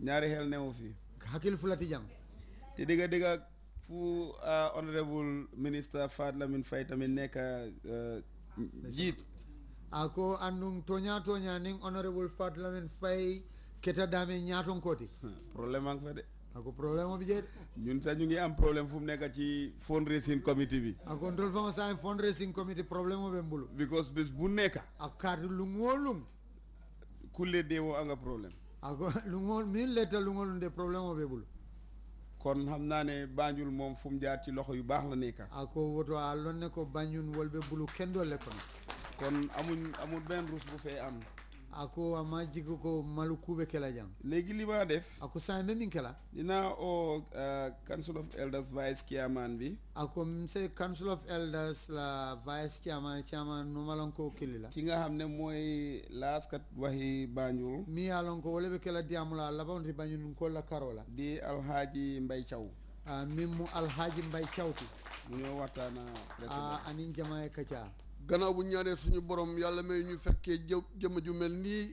ñaari xel newu fi hakkil fulati jàng te dëgga dëgga fu euh, honorable minister Fat Lamin Faye tamit nekk euh, jiit a ko andun toña toña nin honorable Fat Lamin Faye keta daame ñaaton kooti problème ak fa de ako problème o bi jeet ñun sax ñu ngi am problème fu mu nekk ci fundraising committee bi a contrôle fa nga sa am fundraising committee problème o ɓe mbulu because bés bu nekk ak kaatu lu ngoo lum kulle deewoo anga problème ako lungol min letta lungol nde probléme o ɓe ɓulo kon xam naa ne Banjul moom fu mu jaar ci loxo yu baax la nekk ako woto a lonne ko Banjul wolɓe bulu kendolle kono kon amuñ amul benn rus bu fee am ako ama jigi ko malu kuube kela jang léegi li def ako be min kela dinaa o eh, council of elders vice chairman bi ako mse council of elders la vice chairman chairman nomalanko kili la ki nga xam ne mooy laaskat waxi banjul mi yaa lon ko wala diamu kela diamula labawnti bañun ko la karo la di alhaaji mbay thiaw uh, ah, min mu alhaaji mbay cawti mu ñoo waxtaana ani ah, jamaye kaca gannaaw bu ñaanee suñu borom yàlla may ñu fekkee jë jëmm ju mel nii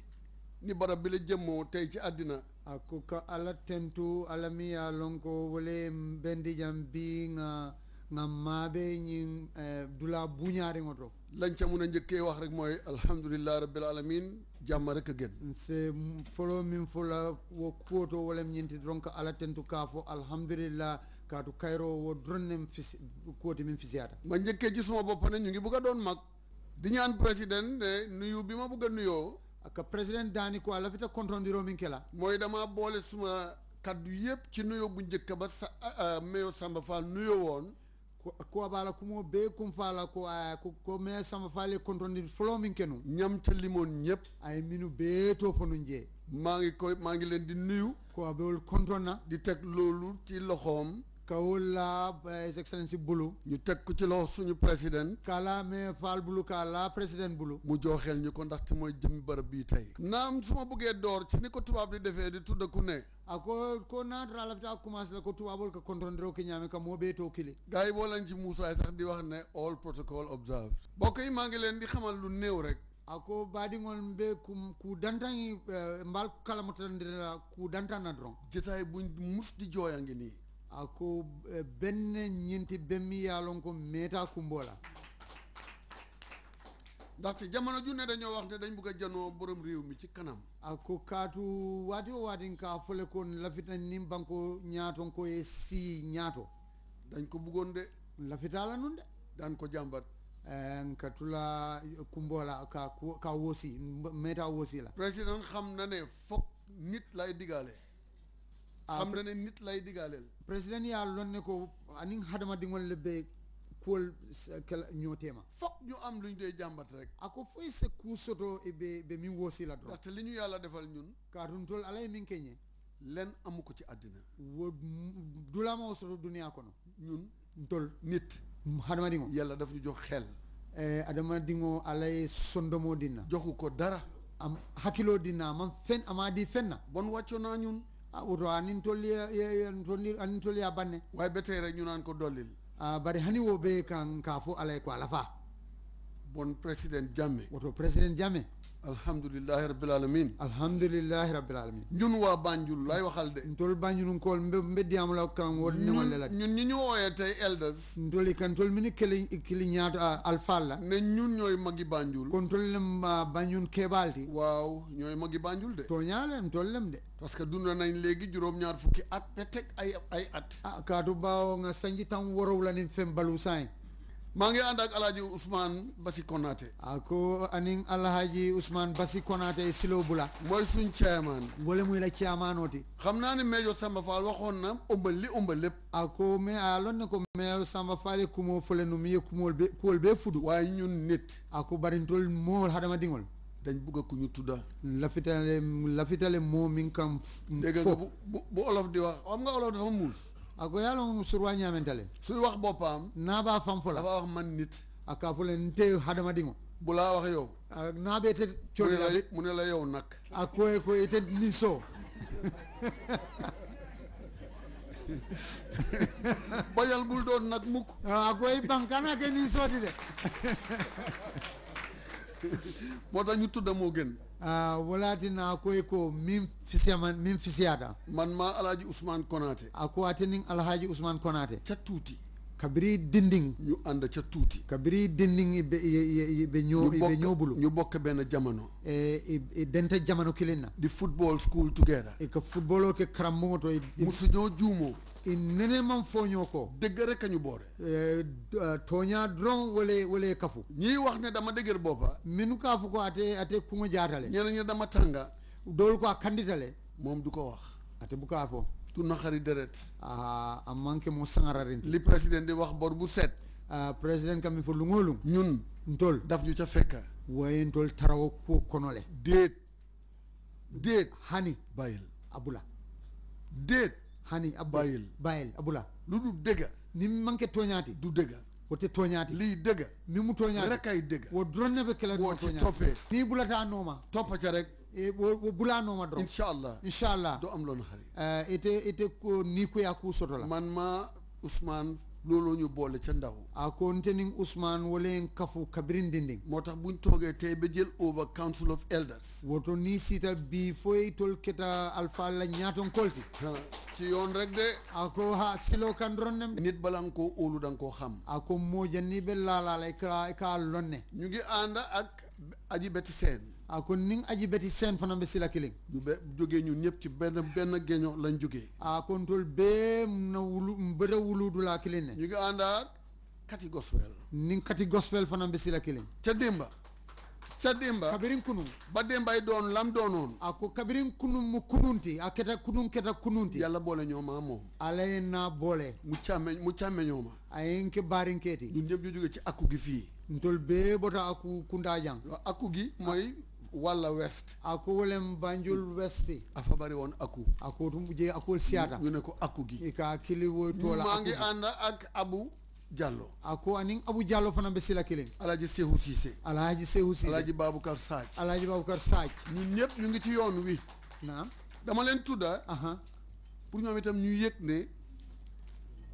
ni barab bi la jëmmoo tey ci àddina akuka ala tentu ala miya lonko wole bendijan bi nga nga maabe ñin e, dula buñaare ngoto lañ ca mun a njëkkee wax rek mooy alhamdulillahi rabbil alamin jàmm rek a gën c'est folo min fola wo kuwoto wolem ñinti donc ala tentu kaa alhamdulillah kaatu kayroo wo dronnem fis kóoti min fisiyata ma njëkkee ci suma bopp ne ñu ngi bugg a doon mag di ñaan président ne nuyu bi ma bugg a nuyoo aka président daani ko lafita kontondiroo min ke la mooy dama boole suma kaddu yëpp ci nuyoo bu njëkk ba sa euh, euh, mayo Samba Fall nuyoo woon ko ku kumo be kum fala ko a euh, ko ko me sama fale kontondi flo min ñam te limon ñep ay minu be to fonu nje maa ngi koy maa ngi leen di nuyu ko bewol kontonna di teg loolu ci loxoom Kaula uh, His Excellency Bulu. ñu teg ko ci loxo suñu président. Kalaame Fall Bulu Kala président Bulu. mu jooxeel ñu ko ndaxte mooy jëm bërëb bii tey. naam su ma bëggee door ci ni ko tubaab di defee di tudd ku ne. a ah, ko ko naatoral afta a commencé la ko tubaabol ka controndire o kiñaami kam moo ɓeetoo kili gars yi boo lañ ci muusaay sax di wax ne all protocol observed bokk yi maa ngi leen di xamal lu néew rek a ah, ko baadiŋol mbe ku ku dantaŋi eh, mbaal kalamutandir la ku dantan na doron jotaay buñ mus di jooya ngi nii ako eh, benne ñinti bemmi yaalon ko meeta kumbola ndaxte jamono ju ne dañoo wax ne dañ bugg a janoo borom réew mi ci kanam ako kaatu waati o waatin ka fole kon lafita nin banko ñaaton ko ye si ñaato dañ ko buggoon de lafita la nun de daan ko jàmbat eh, nka la kumbola ka ka wosi meeta wosi la président xam na ne foog nit lay digaale Ah, xam na ne nit lay digaaleel president loon lonne ko anin hadama dingol lebbe kuwol ñootema fokk ñu am lu ñu dee jàmbat rek ako ah, foy se ku soto e be be min woosi la doro ndaxte li ñu yàlla defal ñun kaatum tol alay min keñe len amu ko ci àddina wo ma wo soto duniya kono ñun ntol nit hadama dingo yàlla daf ñu jox xel eh, adama dingo alay sondomo dinna joxu ko dara am hakkiloo dinna man fen ama di fenna bon wàcco naa ñun woto ah, anin tolli tolni anin tolli a banne way be tere ñu naan ko dollil ah, bari hani wo be kan ka fo alay ko ala fa bon président Jammeh woto président Jammeh alhamdulillahi rabbil alamin alhamdulillahi rabbil alamin ñun waa Banjul lay waxal de ntol Banjul ko mbeddiyam la kan wol ne wala la ñun ñu wooyee tey elders ntol kan tol mini kili kili ñaatu ah, la ne ñun ñooy magi Banjul kon tol lem Banjul kebalti waaw ñooy magi Banjul de tooñaale tol lem de parce que dund nañ léegi juróom-ñaar fukki at petek ay ay at ah kaatu baawo nga sanji tan worow la ni fem balu maa ngi ànd ak alhaji Ousmane Basi Konaté a ko alhaji Ousmane Basi Konaté Silo Bula mooy suñ chairman mbole muy la chairman xam naa ne Major Samba Fall waxoon na umbal li umbal lépp a ko mais a ah, lon ne ko Major Samba kumoo fële nu mu kumool be kuwol bee fudu waaye ñun nit a ko barintol mool hadama dingol dañ bugg ku ñu tudda lafitale lafitale moo mi ngi kam dégg bu bu olof di wax xam nga olof dafa muus akoya lon surwa ñamentale suy wax boppam naaba fam la dafa wax man nit aka fole nte hadama te cori la mu ne la yow nag a koye ko ite ni bul doon nag mukk a koy bankana ke ni sooti de moo tax ñu tudda moo gën Ah, walati na koy ko min fisiyaman min fisiyata man ma alhaji ousmane konate ako atenin alhaji ousmane konate cattuti kabiri dinding ñu anda ca tuuti kabiri dinding ibe ibe ñoo ibe ñoo ñu bokk benn jamono e e dente jamono kilina di football school together e ka football ke kramoto e musu ñoo juumoo nene man fooñoo ko dëgg rek a ñu boore eh, eh, tooñaa dron wala wala kafu ñii wax ne dama dëgër boppa minu kaafu ko ate ate ku nga jaatale ñeneen ñi dama tànga doolu ko a kanditale moom du ko wax ate bu kaa fo tu naxari deret a a manqué moo sangararin li président di wax bor bu set président kami fo lu ngoolu ñun ntol daf ñu ca fekka waaye ntol tarawo ko konole déet déet hani bayil abula déet hani ab bàyyil bàyyil abula lu du dëgga ni manqué tooñaati du dëgga wote tooñaati lii dëgga ni mu tooñaati rek ay dëgga wo drone be nii bulata nooma toppa ca rek e, bulaa nooma dron incha allah doo am loolu xari e, ite ite ko nii ku yaa ku soto la man ma Ousmane looloo ñu boole ca ndaw a ko ntening Ousmane wala en kafu kabirin dinding moo tax buñ toogee tey ba jël over council of elders woto nii siita bii fooy tol keta la ñaaton ci yoon rek de ako ha silo kan ronnem nit bala nga koo óolu da koo xam ako mooja ni be laalaalay ka kaa lonne ñu ngi ànd ak aji beti seen ako ning aji beti seen fana be sila kiling ñu be jógee ñun ñëpp ci benn benn géño lañ jógee akon tol bee na wulu du laa kilin ne ñu ngi ànd ak kati gospel ning kati gospel fana be sila kiling ca démba ca démba kabirin kunun ba démbay doon lam doonoon a ko kabirin kunun mu kununti a keta kunun keta kununti yàlla boole ñooma moom ala ye naa boole mu càmme mu càmme ñooma a yen ke baarin keeti ñun ci akku gi fii ntol bee bota akku kundaajang akku gi mooy walla west ako wolem westi afa bari woon aku ako tum ñu ne ko akku gi i kili woy toola ak abu Diallo ako anin Abu Diallo fana bɛ sira kelen alaaji Sehu Cissé alaaji Sehu Cissé alaaji Babacar Sadji alaaji Babacar Sadji ñun ñëpp ñu ngi ci yoon wi naam dama leen tudda pour ñoom itam ñu yëg ne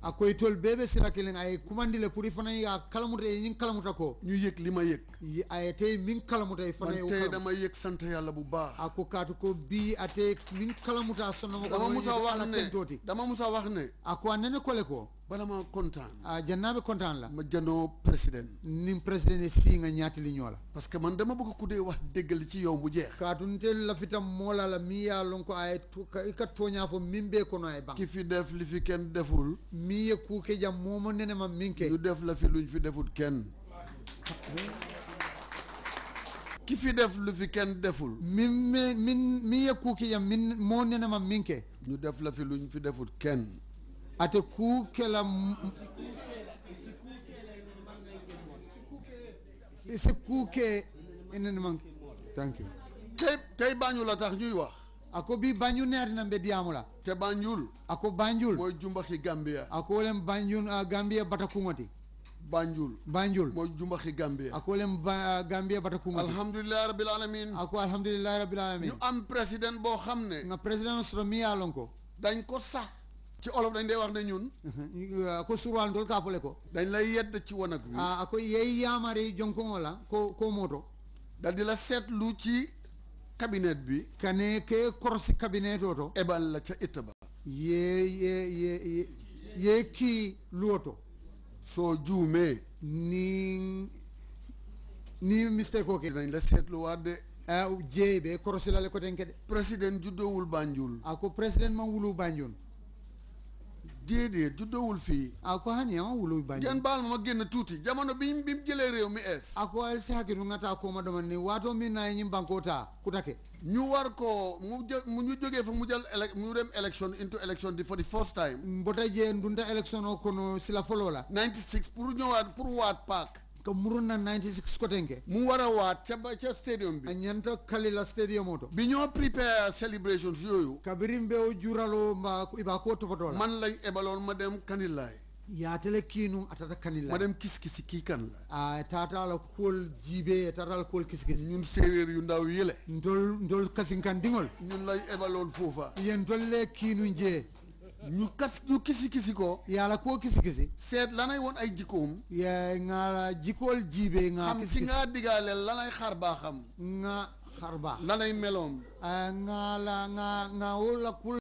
a koy tool bee bee sira kelen ay kumandi le pour i fana ye a kalamuta ye ñi kalamuta ko ñu yëg li ma yëg a yete min kalamuta e fana te dama yek sante yalla bu baax ako kaatu ko bi ate min kalamuta sonno ko wax ne dama ko bala ma kontaan ah la ma janoo président nin président li parce que man dama bëgg ku wax déggal ci yow bu jeex kaatunte lafitam la mi yaa lon ko ay ka tooñaa bee kono ay ban ki fi def li fi kenn deful mi ye kuuke jam moomo nene ma min ke ñu def la fi luñ fi deful kenn ki fi def lu fi kenn deful min mi min mi yekkuuki yam min moo nenama min ke ñu def la fi lu ñu fi deful kenn ate kuu kela si kuu ke enen manque thank you tey tey Banjul a ñuy wax ako bi Banjul neati na mbe diyaamu la te Banjul ako Banjul mooy jumbaxi Gambia ako len Banjul ah, Gambia batakuŋoti Banjul Banjul mojumbahi Gambia akole mba Gambia bata kungu alhamdulillahi rabbil alamin ako alhamdulillahi rabbil alamin ñu am président boo xam ne nga président soto mi yaalon ko dañ ko sax ci olof dañ dee wax ne ñun ko surwal ndol kaapole ko dañ lay yedd ci wanag wi a ako yey yaamari jonkoŋo la ko ko mooto dal di la seetlu ci cabinet bi kane ke korosi cabinet oto ebal la ca itta ba yee yee yee yee kii luwoto soo juumee nii nii mistake oo kee dinañ la seetluwaat de ah jéey bee korosila le ko denke de président juddowul Banjul ako ah, président man wulu Banjul déedéet dowul fii ako hani an wulol bani gen baal ma génn tuuti jamono bi bi jëlee réew mi ees ako el si hakkitu nga taa kooma dama ni waato min naa ñi bankoo taa kutake ñu war ko mu jë mu ñu jógee fa mu jël ele mu dem élection into élection di for the first time mbota jee ndunta élection kono si la foloo la 96 pour ñëwaat pour waat paak to murunna 96 kotenke mu wara wa ca ca stadium bi ñanta kalila stadium oto bi ñoo prepare celebrations yooyu kabirim be o juralo ma iba ko topoto la man lañ ebaloon ma dem kanilay yaatele kiinum atata kanila ma dem kiskisi kii kan la a taatala kool jiibe taatala kool kiskisi ñun séeréer yu ndaw yële ndol ndol kasinkan diŋol ñun lay ebaloon foofa yen dolle kiinu njee ñu kas ñu kisi kisi ko yàlla koo kisi kisi seet lanay woon ay jikkoom yaay nga jikkool jiibee nga xam si nga diggaale lanay xar baaxam nga xar baax lanay meloom ah, nga la nga nga walla kul